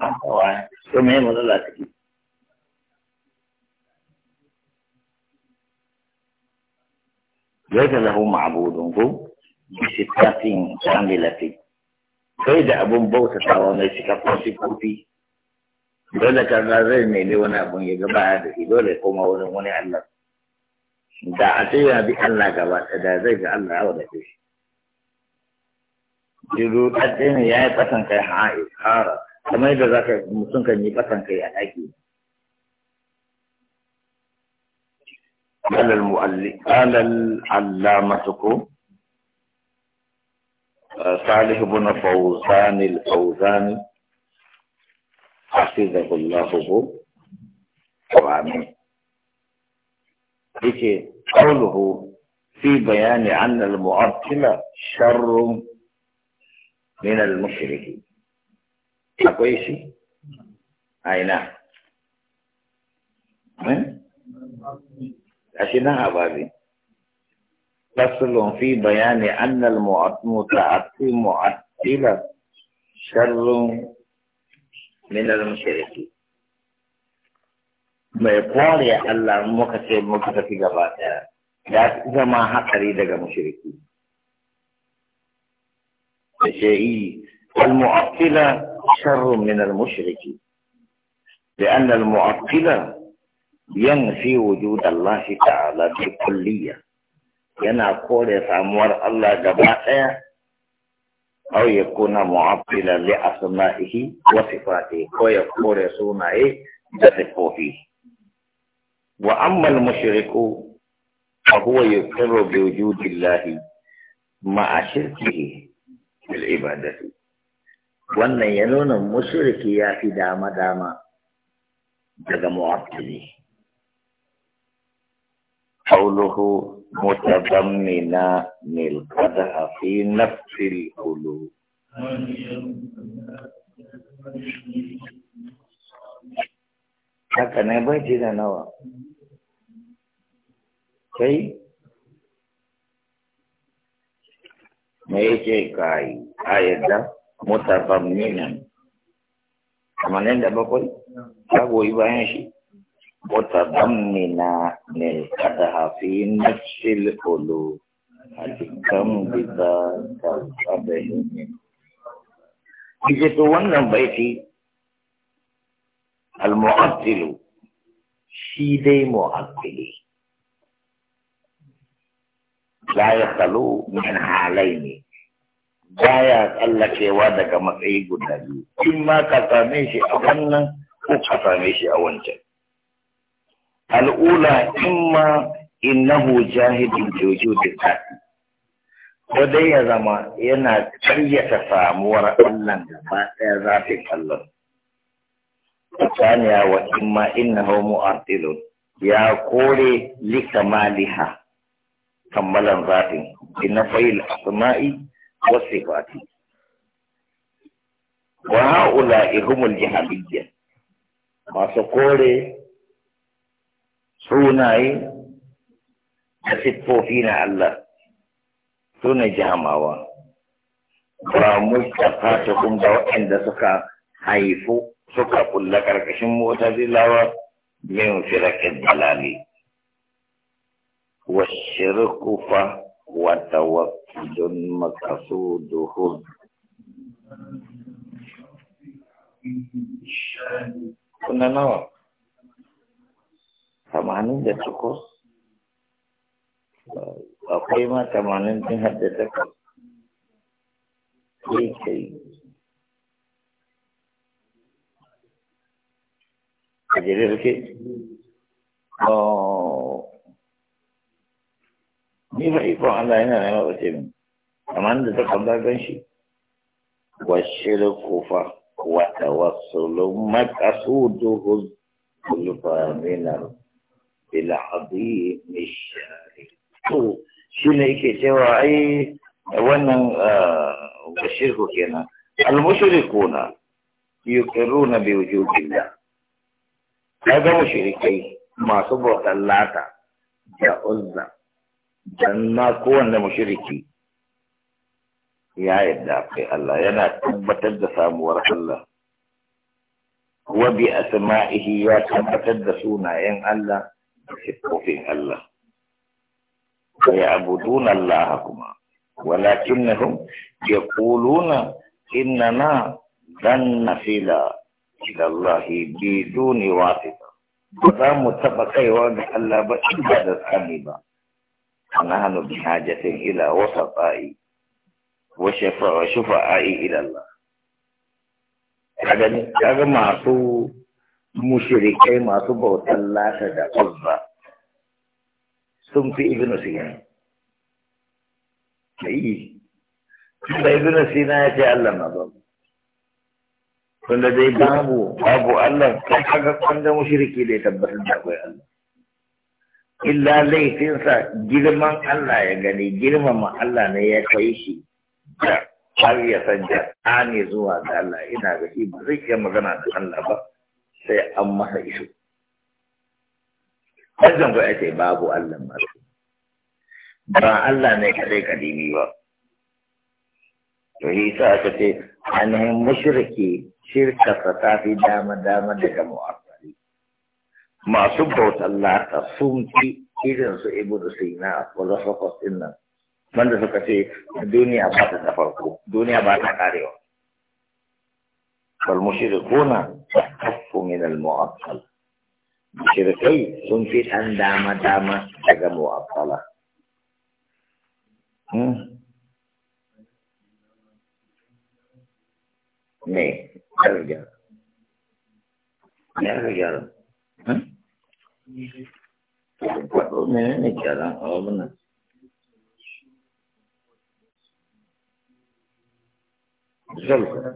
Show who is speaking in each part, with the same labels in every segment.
Speaker 1: an kawa to me matsala take laisa lahu ma'budun ko bisifatin kamilati kai da abun bauta ta bautatawa mai cikakken sifofi dole kaza zai nemi wani abun ya gaba da shi dole koma wurin wani Allah da a ce yana bi Allah gaba da zai ga Allah ya da shi jiru ɗaɗɗe ya yi ƙasan kai ha'ara kamar yadda za ka mutum kan yi ƙasan kai a ɗaki alal mu'alli alal allamatu ko salih ibn fawzan al-fawzan hafizahu Allah ko wa amin yake kauluhu fi bayani anna al-mu'attila sharrun min al-mushrikin akwai shi a ina a shi nan a babi fasulun fi bayani annal mu'atmuta mu'attila sharrun min al-mushriki mai kware Allah muka ce muka tafi gaba daya ya zama hatsari daga mushriki da shi'i al-mu'attila شر من المشرك لأن المعقل ينفي وجود الله تعالى بكلية ينا قول يسامور الله جبائيا أو يكون معقلا لأسمائه وصفاته ويقول يسونه جسفه فيه وأما المشرك فهو يقر بوجود الله مع شركه في العبادة wannan ya nuna mushriki ya fi dama-dama daga mu'abdili na milkada a fi نفس القلوب haka ne ji da nawa kai me yake kai a yadda mutafarminan kamar yadda bakwai ta goyi bayan shi mutadammina ne kada hafi nafsil ulu hakikan bisa ta tsabahin Ije to wannan baiti al-mu'attilu shi dai mu'attili la ya min ne. baya tsallakewa daga matsayi guda biyu in ma ka same shi a wannan ko ka same shi a wancan al'ula in ma innahu jahidin jojo da tsaki. ko dai ya zama yana karyata samuwar Allah gaba ɗaya zafin Allah tsaniya wa in ma homo artilon. ya kore likamaliha kammalan zafin Ina fayil asma'i والصفات وهؤلاء هم الجهمية ما سقولي سوناي تسفو فينا الله سوني جهماوا ومجتقاتكم دو عند سكا حيفو سكا ركشم كركشم مؤتزلاوا من فرق الضلال والشرك فهو وتوكد مقصوده كنا نوى ثمانين دقيقة أقيمة ثمانين دقيقة كي كي أجل الكي أوه ni fa ikon Allah yana da yawa ce min amma da ta kalla gan shi wa shirku fa wa tawassulu maqasuduhu kulfa min bil azim shari to shine yake cewa ai wannan wa shirku kenan al mushrikuna yuqirruna bi wujubillah kaga mushrikai masu bautar lata da uzza جنة كون مشركي يا إدافي الله يا نكبة الدسام ورح الله وبأسمائه يا كبة الدسونا إن الله في الله ويعبدون الله كما ولكنهم يقولون إننا لن فيلا إلى الله بدون واسطة فذا متفقين وعد الله بإجابة الأمي فنحن بحاجة إلى وسطاء وشفاء شفاء إلى الله kaga masu mushrikai masu bautan lata da ƙwazza sun fi ibn sina yi da ibn sina ya ce allah na zama tunda dai babu babu allah kaga kwanda mushiriki da ya tabbatar da akwai allah illa laifinsa girman Allah ya gani girmama Allah ne ya kai shi da har ya san da ne zuwa ga Allah ina ga shi ba zai iya magana da Allah ba sai an masa iso wajen ba ce babu Allah masu ba Allah ne kadai kadimi ba to yi sa ka ce ainihin mushriki shirka ta fi dama dama daga mu'ar masu bautan lata sun fi irin su ibu da sina filosofos din nan wanda suka ce duniya ba ta farko duniya ba ta karewa bal mushrikuna kafu min al mu'attal mushrikai sun fi dan dama dama daga mu'attala ne hmm? ya gyara ya gyara Faɗo mene ne kyaran abin ah, Zulfa.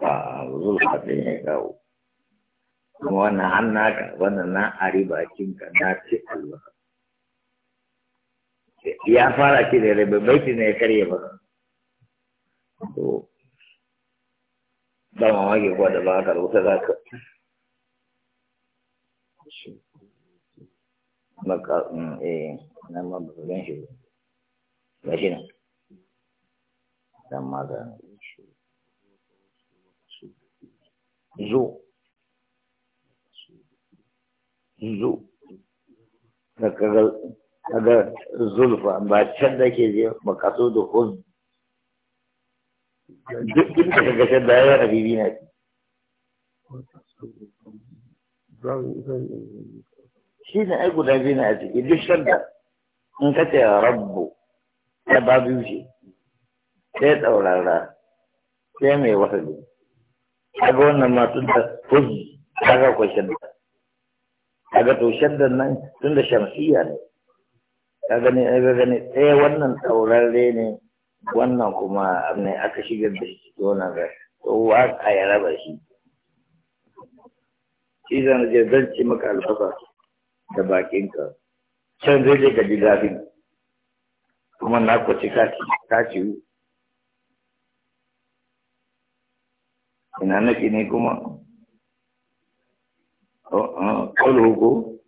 Speaker 1: Ba zulfa ɗin ya kawo. Kuma wannan an naka, wannan na ari bakinka na ce Allah. Ya fara ki da rabe baiti ne ya karye ba. To, ba mamaki ko da ba ka rubuta za ka shi baka mm, eh, na ma shi ba shi nan dan da zo zo zulfa ba can da ke je da hun duk inda kaga can da yawa a bibi na shi ne ai guda biyu ne a ciki duk shadda in ka ce rabbu ta ba biyu ce sai tsaurara sai mai wata biyu kaga wannan masu tun da huzzi kaga akwai shadda kaga to shadda nan tun da shamsiya ne kaga ne ga gani sai eh wannan tsaurare ne wannan kuma ne aka shigar da shi ko wannan ga to wa a ya raba shi idan je zan ci maka albasa da bakinka can zai je ka ji kuma na ku ci ka ciwu ina naki ne kuma ƙalugu oh, oh,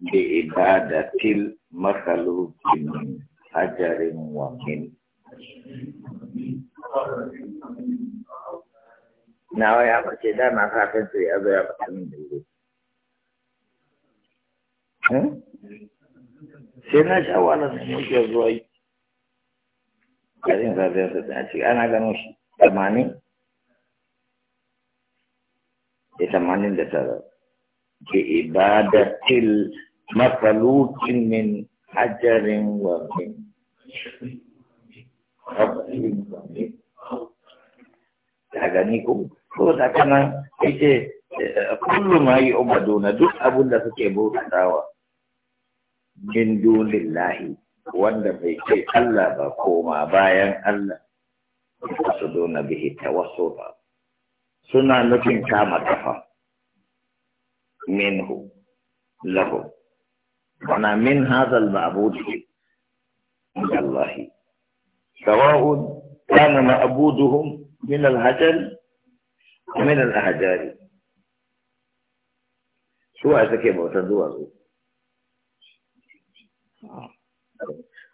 Speaker 1: da ibadatil makhlukin hajarin wa min nawa ya ɓace dama fatan su ya zo ya ɓace min dubu sai na sha wala da muke zuwa yi garin zafiyar su ta ce ana gano shi tamanin da tamanin da tara ke ibadatil mafalukin min hajarin wa min ta ni ko ko da kana yace eh, kullu ma yu'baduna duk abun da suke bukatawa. min dunillahi wanda bai ce Allah ba koma bayan Allah su dona bihi tawassufa suna nufin kama kafa minhu lahu wana min hadal ma'budi inda Allah sawa'un kana ma'buduhum من الحجر من الأحجار شو أتكي بوتدوا أبو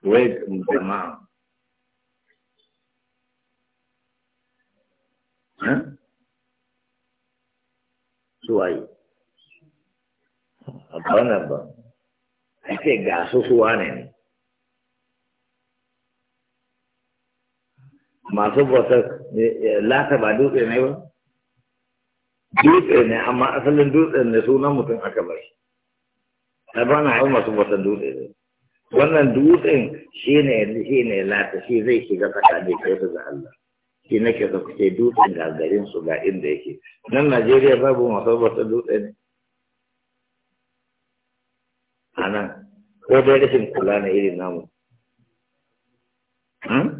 Speaker 1: ويد مجمع ها شو أي أبانا أبانا أتكي قاسو سوانين masu bautar eh, eh, lata ba dutse ne ba dutse ne amma asalin dutse ne sunan mutum aka bar ta ba na hau masu bautar dutse ne wannan dutsen shi ne shi ne lata shi zai shiga ne kai da Allah shi nake da kuce dutsen ga garin su ga inda yake nan Najeriya babu masu bautar dutse ne a ko dai rashin kula na irin namu hmm?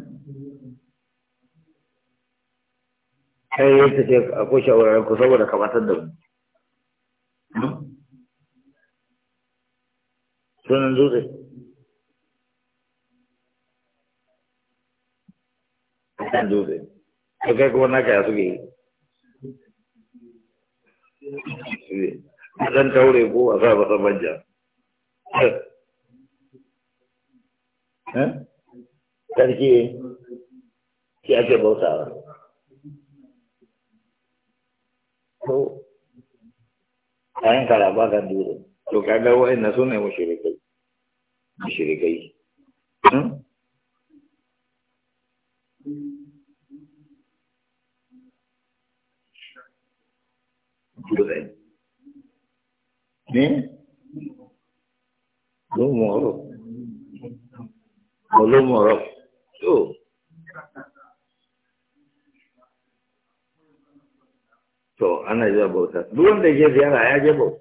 Speaker 1: sai ya tafi a kushe ku saboda kamatar da mu sunan sunan kai kuma naka ya suke yi zan taure ko a sa basa banja eh? sarki ake bautawa to ayan karaba kan duro to kaga wa'annan su ne mushrikai mushrikai hmm? Dure. Ne? Lumoro. Lumoro. To. to ana zuwa bauta duk wanda ya je ziyara ya je bauta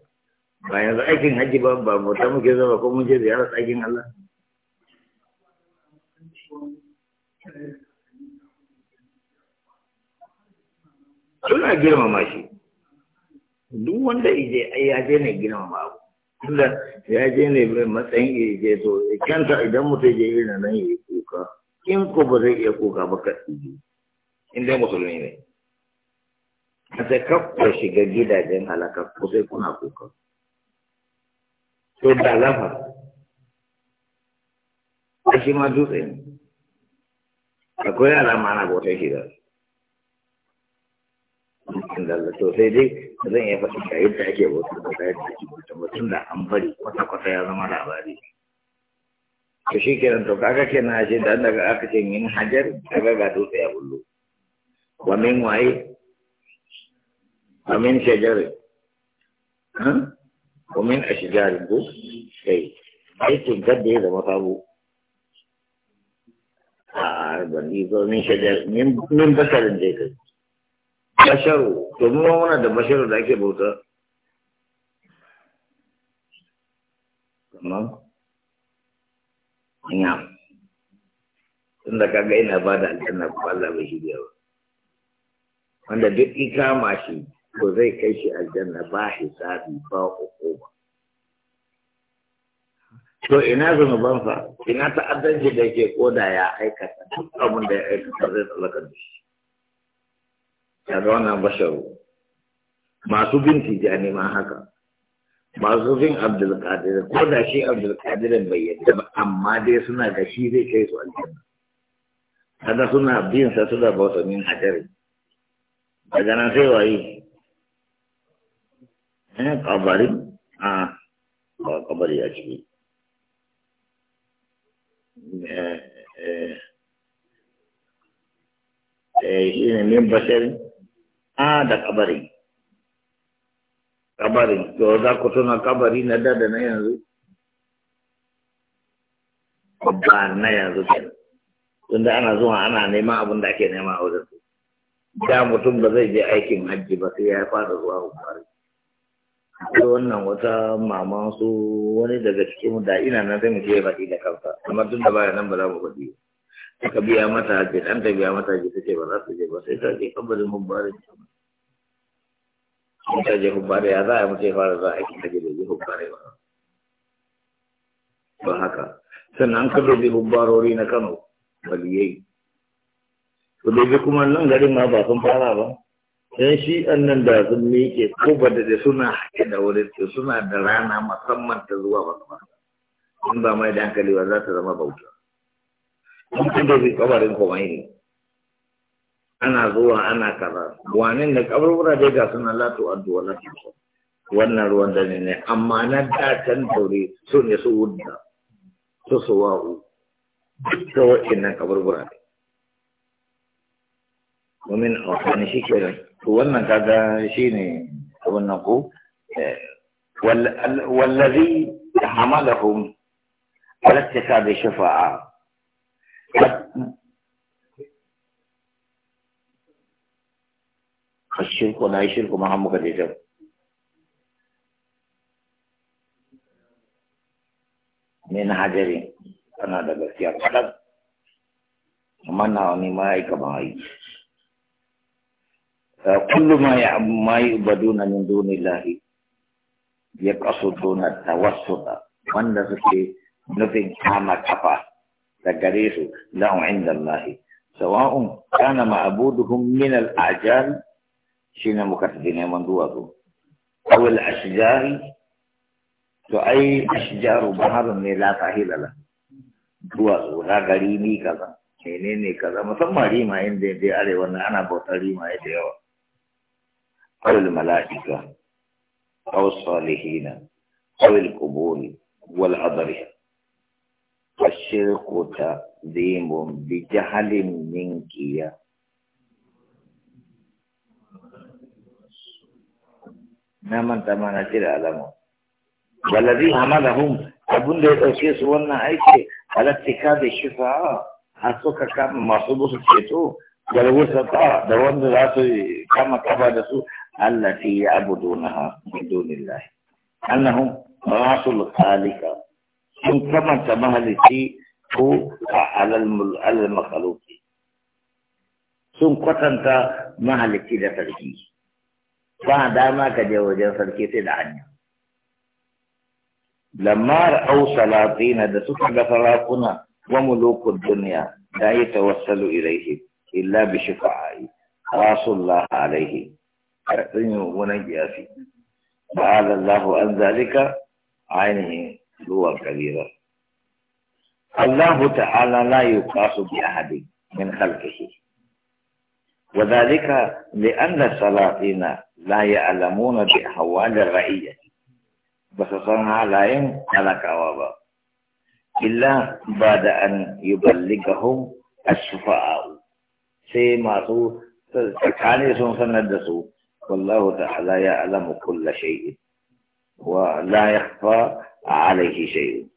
Speaker 1: ba yanzu aikin haji ba ba bauta muke zuwa ko mun je ziyara aikin Allah suna girmama shi duk wanda ije ya je ne girmama abu tunda ya je ne mai matsayin ije to kanta idan mutum je irin nan ya kuka in ko ba zai iya kuka ba ka ije in dai musulmi ne da kafa shiga gidajen halaka ko sai kuna kuka to da lafa a shi ma dutse ne akwai alama ma na bautar shi da to sai dai zan iya faɗi ga yadda ake bautar da yadda ake bautar mutum da an bari kwata-kwata ya zama labari to shi kenan to kaga kenan a ce da daga aka ce min hajar daga ga dutse ya bullo wa min waye ومن شجر ها ومن أشجار بوك أي بيت الجد إذا مطابو من شجر من من بشر ديك بشر تمو أنا ده بشر ده كي بوتا تمام نعم tunda kaga ina bada aljanna ko Allah bai shi biya ba wanda duk ikama shi ko zai kai shi aljanna ba hisabi ba hukuma to ina ban fa ina ta'addanci da ke koda ya aikata duk abin da ya aikata zai tsallaka da shi Ya ga wannan basharu masu bin tijani ma haka masu bin abdulkadir ko da shi abdulkadir bai yadda ba amma dai suna da shi zai kai su aljanna Kada suna bin sa su da bautanin hajjari daga nan sai waye eh ah, kabari ah oh, kabari ya ciki eh eh eh ini min basir ah da kabari kabari to za ku na kabari na da da na yanzu babbar na yanzu tunda ana zuwa ana neman abin da ake nema a wajen da mutum ba zai je aikin hajji ba sai ya fara zuwa hukumar sai wannan wata mama su wani daga cikin da ina nan sai mu je baɗi da kansa amma tun da baya nan ba za mu faɗi. aka biya mata haji ɗan ta biya mata haji ta ce ba za su je ba sai ta je kabarin hubbari sai ta je hubbari ya za a mace fara za a yi ta je da je hubbari ba ba haka sannan an kaɗo bi hubbarori na kano baliyai to dai kuma nan garin ma ba sun fara ba Yan shi nan da sun miƙe ko ba da suna haƙe da wurin suna da rana musamman ta zuwa ba in ba mai da hankali ba za ta zama bauta in kun da zai kabarin komai ne ana zuwa ana kaza wannan da kaburbura dai ga suna latu addu'a latu wannan ruwan da ne amma na da can taure su ne su wunda su su Duk suwa'u duka wa'annan kaburbura ne shi ke nan. تولنا كذا شيء تولنا قو وال والذي حملهم على اتخاذ شفاعة الشرك ولا يشرك ما هم كذبوا من حجرين أنا دعوت يا رب أنا أني ما أيك ما أيك kullu ma ya ma min dunillahi yaqasuduna tawassuta wanda suke nufin kama kafa da gare su inda Allahi sawa'un kana ma'abuduhum min al-ajal shine muka tafi neman duwatsu aw awil ashjari to ai ashjaru baharun ne la sahila la duwatsu na gari ni kaza menene kaza musamman rima inda dai arewa na ana bautar rima da yawa أو الملائكة أو الصالحين أو القبول والعذر الشرك تذيب بجهل منك يا نمان تمانا جرى لهم والذي حملهم أبن لي توكي سوالنا عيشي على اتخاذ الشفاء حسوك كم محصوبوس الشيطو جلو ستا دوان دراسو كم كبادسو التي يعبدونها من دون الله انه راس الخالق من كما تمهلتي هو على المخلوق سنقطة انت مهلك الى فلكي ما كجوجا فلكي تدعني لما رأوا سلاطين دسوك بفراقنا وملوك الدنيا لا يتوسل إليه إلا بشفاعي راس الله عليه حيطين ونجي في تعالى الله عن ذلك عينه هو الكبير الله تعالى لا يقاس بأحد من خلقه وذلك لأن السلاطين لا يعلمون بأحوال الرعية بس صنع عليهم على كوابا إلا بعد أن يبلغهم السفاء سيماتوا تكاني سنسندسوا والله تعالى يعلم كل شيء ولا يخفى عليه شيء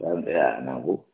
Speaker 1: فهمت يا أنه